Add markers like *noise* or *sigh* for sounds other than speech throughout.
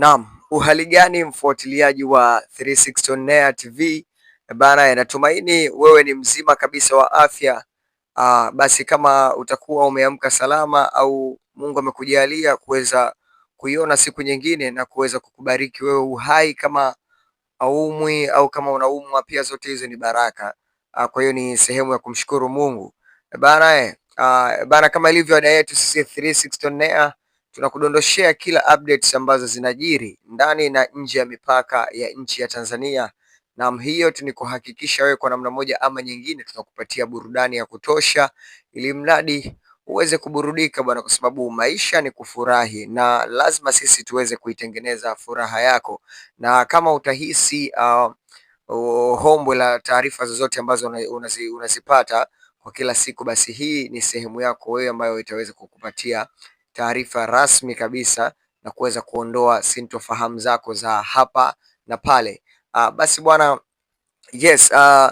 Naam, uhali gani mfuatiliaji wa 360 On Air TV bana, natumaini wewe ni mzima kabisa wa afya. Aa, ah, basi kama utakuwa umeamka salama au Mungu amekujalia kuweza kuiona siku nyingine na kuweza kukubariki wewe uhai, kama aumwi au kama unaumwa, pia zote hizo ni baraka. Aa, ah, kwa hiyo ni sehemu ya kumshukuru Mungu bana, eh, ah, bana, kama ilivyo ada yetu sisi 360 On Air Tunakudondoshea kila updates ambazo zinajiri ndani na nje ya mipaka ya nchi ya Tanzania, na hiyo tu ni kuhakikisha wewe kwa namna moja ama nyingine tunakupatia burudani ya kutosha, ili mradi uweze kuburudika bwana, kwa sababu maisha ni kufurahi, na lazima sisi tuweze kuitengeneza furaha yako. Na kama utahisi uh, uh, hombwe la taarifa zozote ambazo unazipata kwa kila siku, basi hii ni sehemu yako wewe ambayo itaweza kukupatia taarifa rasmi kabisa na kuweza kuondoa sintofahamu zako za hapa na pale. Uh, basi bwana, yes uh,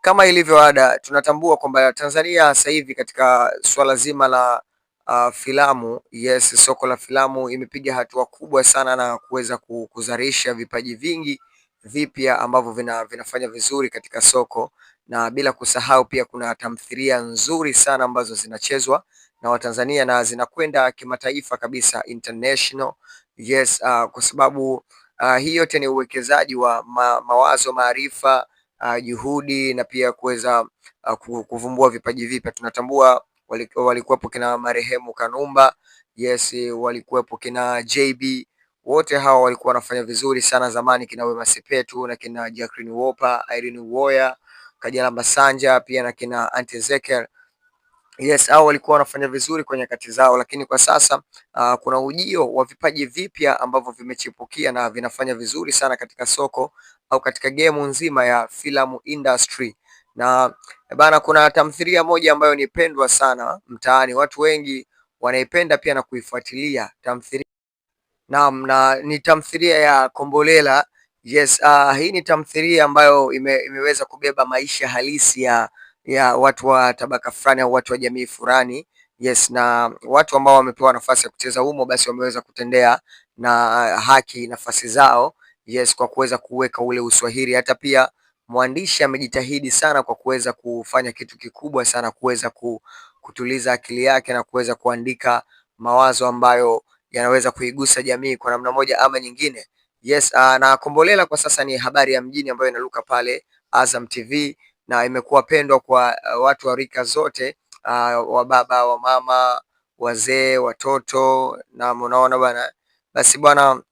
kama ilivyo ada tunatambua kwamba Tanzania sasa hivi katika swala zima la uh, filamu yes, soko la filamu imepiga hatua kubwa sana na kuweza kuzalisha vipaji vingi vipya ambavyo vina, vinafanya vizuri katika soko, na bila kusahau pia kuna tamthilia nzuri sana ambazo zinachezwa na Watanzania na zinakwenda kimataifa kabisa international. Yes, uh, kwa sababu uh, hii yote ni uwekezaji wa ma, mawazo, maarifa, uh, juhudi na pia kuweza uh, kuvumbua vipaji vipya. Tunatambua walikuwepo kina marehemu Kanumba, yes, walikuwepo kina JB, wote hawa walikuwa wanafanya vizuri sana zamani, kina Wema Sepetu na kina Jacqueline Wolper, Irene Uwoya, Kajala Masanja pia na kina Ante Zeker Yes, hao walikuwa wanafanya vizuri kwenye kati zao, lakini kwa sasa uh, kuna ujio wa vipaji vipya ambavyo vimechipukia na vinafanya vizuri sana katika soko au katika gemu nzima ya filamu industry. Na bana, kuna tamthilia moja ambayo ni pendwa sana mtaani, watu wengi wanaipenda pia na kuifuatilia tamthilia. Naam, na ni tamthilia ya Kombolela. Yes, uh, hii ni tamthilia ambayo ime, imeweza kubeba maisha halisi ya ya watu wa tabaka fulani au watu wa jamii fulani. Yes, na watu ambao wamepewa nafasi ya kucheza humo basi wameweza kutendea na uh, haki nafasi zao, yes, kwa kuweza kuweka ule uswahili. Hata pia mwandishi amejitahidi sana kwa kuweza kufanya kitu kikubwa sana, kuweza kutuliza akili yake na kuweza kuandika mawazo ambayo yanaweza kuigusa jamii kwa namna moja ama nyingine. Yes, uh, na Kombolela kwa sasa ni habari ya mjini ambayo inaruka pale Azam TV na imekuwa pendwa kwa uh, watu wa rika zote, uh, wa mama wazee, watoto na unaona bwana. Basi bwana,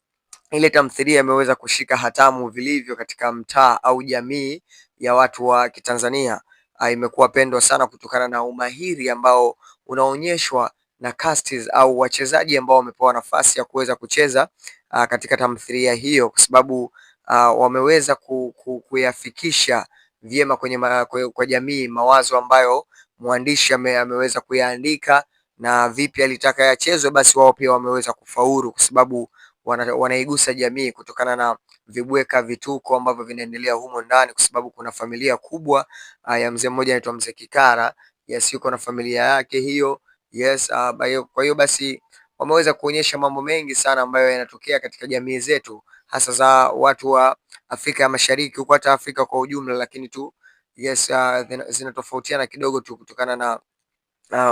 ile tamthilia imeweza kushika hatamu vilivyo katika mtaa au jamii ya watu wa Kitanzania. Uh, imekuwa pendwa sana kutokana na umahiri ambao unaonyeshwa na castes au wachezaji ambao wamepewa nafasi ya kuweza kucheza uh, katika tamthilia hiyo kwa sababu uh, wameweza ku, ku, kuyafikisha vyema kwenye ma, kwa jamii mawazo ambayo mwandishi ame, ameweza kuyaandika na vipi alitaka yachezwe, basi wao pia wameweza kufaulu kwa sababu wana, wanaigusa jamii kutokana na vibweka vituko ambavyo vinaendelea humo ndani, kwa sababu kuna familia kubwa ah, ya mzee mmoja anaitwa mzee Kikara. Yes, yuko na familia yake hiyo. Yes, uh, kwa hiyo basi wameweza kuonyesha mambo mengi sana ambayo yanatokea katika jamii zetu hasa za watu wa Afrika ya Mashariki huko hata Afrika kwa ujumla, lakini tu yes, uh, zinatofautiana kidogo tu kutokana na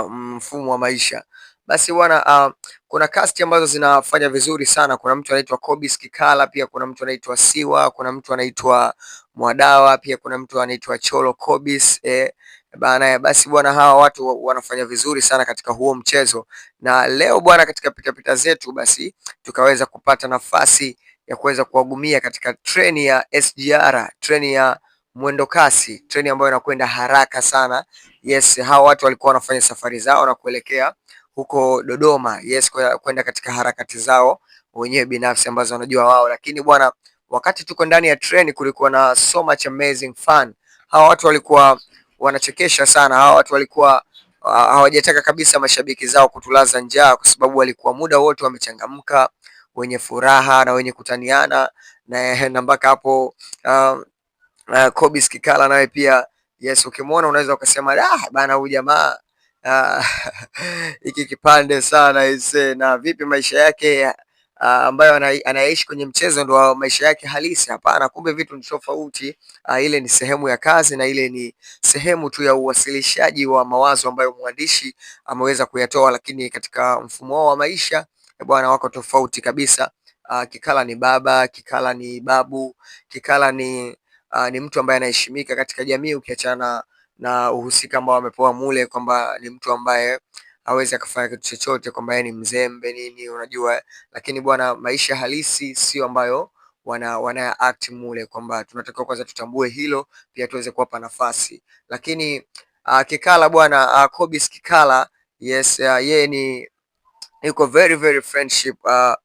uh, mfumo wa maisha. Basi bwana, uh, kuna kasti ambazo zinafanya vizuri sana. Kuna mtu anaitwa Kobis Kikala, pia kuna mtu anaitwa Siwa, kuna mtu anaitwa Mwadawa, pia kuna mtu anaitwa Cholo Kobis eh, bana. Basi bwana, hawa watu wanafanya vizuri sana katika huo mchezo, na leo bwana, katika pitapita zetu, basi tukaweza kupata nafasi ya kuweza kuwagumia katika treni ya SGR, treni ya mwendo kasi, treni ambayo inakwenda haraka sana. Yes, hawa watu walikuwa wanafanya safari zao na kuelekea huko Dodoma, yes, kwenda katika harakati zao wenyewe binafsi ambazo wanajua wao. Lakini bwana, wakati tuko ndani ya treni kulikuwa na so much amazing fun. Hawa watu walikuwa wanachekesha sana, hawa watu walikuwa ah, hawajataka kabisa mashabiki zao kutulaza njaa, kwa sababu walikuwa muda wote wamechangamka wenye furaha na wenye kutaniana na, na mpaka hapo um, uh, Kikala naye pia yes, ukimwona unaweza ukasema ah, bana huyu jamaa ah, *laughs* hiki uh, kipande sana ise, na vipi maisha yake uh, ambayo anayeishi kwenye mchezo ndo maisha yake halisi? Hapana, kumbe vitu ni tofauti. Uh, ile ni sehemu ya kazi na ile ni sehemu tu ya uwasilishaji wa mawazo ambayo mwandishi ameweza kuyatoa, lakini katika mfumo wao wa maisha Eh, bwana wako tofauti kabisa. Uh, Kikala ni baba, Kikala ni babu, Kikala ni uh, ni mtu ambaye anaheshimika katika jamii, ukiachana na uhusika ambao amepewa mule kwamba ni mtu ambaye hawezi akafanya kitu chochote, kwamba yeye ni mzembe nini, unajua. Lakini bwana, maisha halisi sio ambayo wana wanaya act mule, kwamba tunatakiwa kwanza tutambue hilo, pia tuweze kuwapa nafasi. Lakini uh, Kikala bwana, uh, Kobis Kikala yes, uh, yeye ni niko very very friendship uh,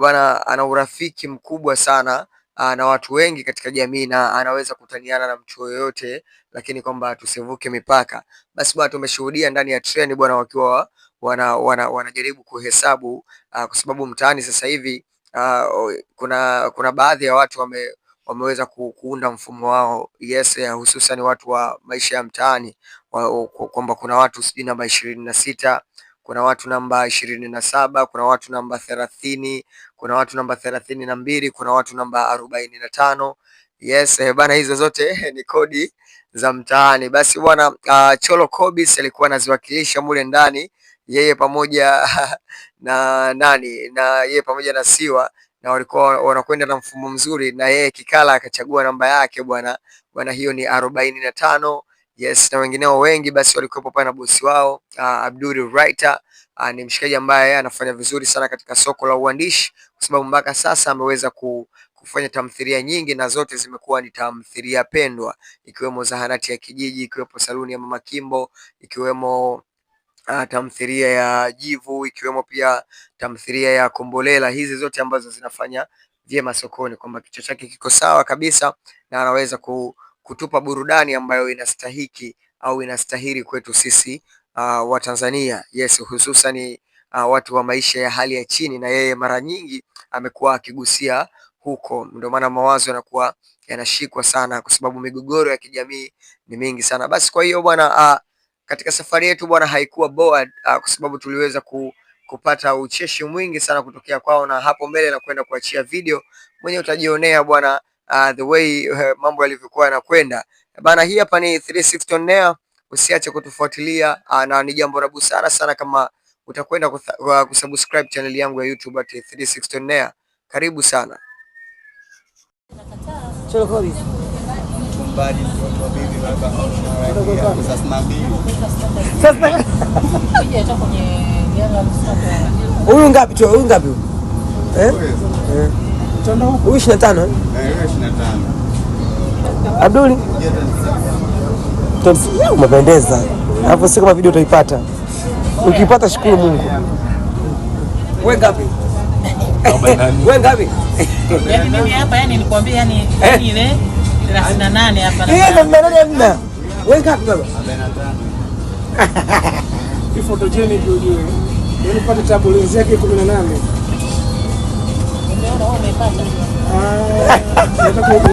bana ana urafiki mkubwa sana uh, na watu wengi katika jamii na anaweza kutaniana na mtu yoyote, lakini kwamba tusivuke mipaka. Basi bwana, tumeshuhudia ndani ya treni bwana, wakiwa wana, wana, wanajaribu kuhesabu uh, kwa sababu mtaani sasa hivi uh, kuna kuna baadhi ya watu wame wameweza kuunda mfumo wao yes, hususan watu wa maisha ya mtaani kwamba kuna watu sijui namba ishirini na sita kuna watu namba ishirini na saba kuna watu namba thelathini kuna watu namba thelathini na mbili kuna watu namba arobaini na tano Yes eh, bana, hizo zote eh, ni kodi za mtaani. Basi bwana uh, Cholo Kobisi alikuwa anaziwakilisha mule ndani yeye pamoja *laughs* na nani na yeye pamoja na Siwa na walikuwa wanakwenda na mfumo mzuri, na yeye Kikala akachagua namba yake bwana bwana, hiyo ni arobaini na tano Yes, na wengineo wengi basi walikuwepo pale na bosi wao ah, Abdul Writer. Uh, ah, ni mshikaji ambaye anafanya vizuri sana katika soko la uandishi kwa sababu mpaka sasa ameweza ku, kufanya tamthilia nyingi na zote zimekuwa ni tamthilia pendwa, ikiwemo Zahanati ya Kijiji, ikiwepo Saluni ya Mama Kimbo, ikiwemo uh, tamthilia ya Jivu, ikiwemo pia tamthilia ya Kombolela. Hizi zote ambazo zinafanya vyema sokoni, kwamba kichwa chake kiko sawa kabisa na anaweza ku kutupa burudani ambayo inastahiki au inastahili kwetu sisi uh, ah, Watanzania. Yes, hususan uh, watu wa maisha ya hali ya chini, na yeye mara nyingi amekuwa akigusia huko, ndio maana mawazo yanakuwa yanashikwa sana, kwa sababu migogoro ya kijamii ni mingi sana. Basi kwa hiyo bwana, uh, katika safari yetu bwana, haikuwa boa uh, kwa sababu tuliweza ku kupata ucheshi mwingi sana kutokea kwao, na hapo mbele na kwenda kuachia video mwenyewe utajionea bwana uh, the way uh, mambo yalivyokuwa yanakwenda bana. Hii hapa ni 360 on air, usiache kutufuatilia uh, na ni jambo la busara sana kama utakwenda kusubscribe channel yangu ya YouTube at 360 on air. Karibu sana huyu ngapi tu? Huyu ngapi huyu? Eh? eh? Huyu 25 eh? Abduli umependeza, alafu si kama video utaipata. Ukipata shukuru Mungu. Wewe ngapi? Wewe ngapi? Yaani mimi hapa yani nilikwambia yani eh. ile nane hapa. Eh, hamna. Wewe ngapi baba? 45. Hii photogenic ndio hiyo. Yaani pata tabulezi yake 18. Ah,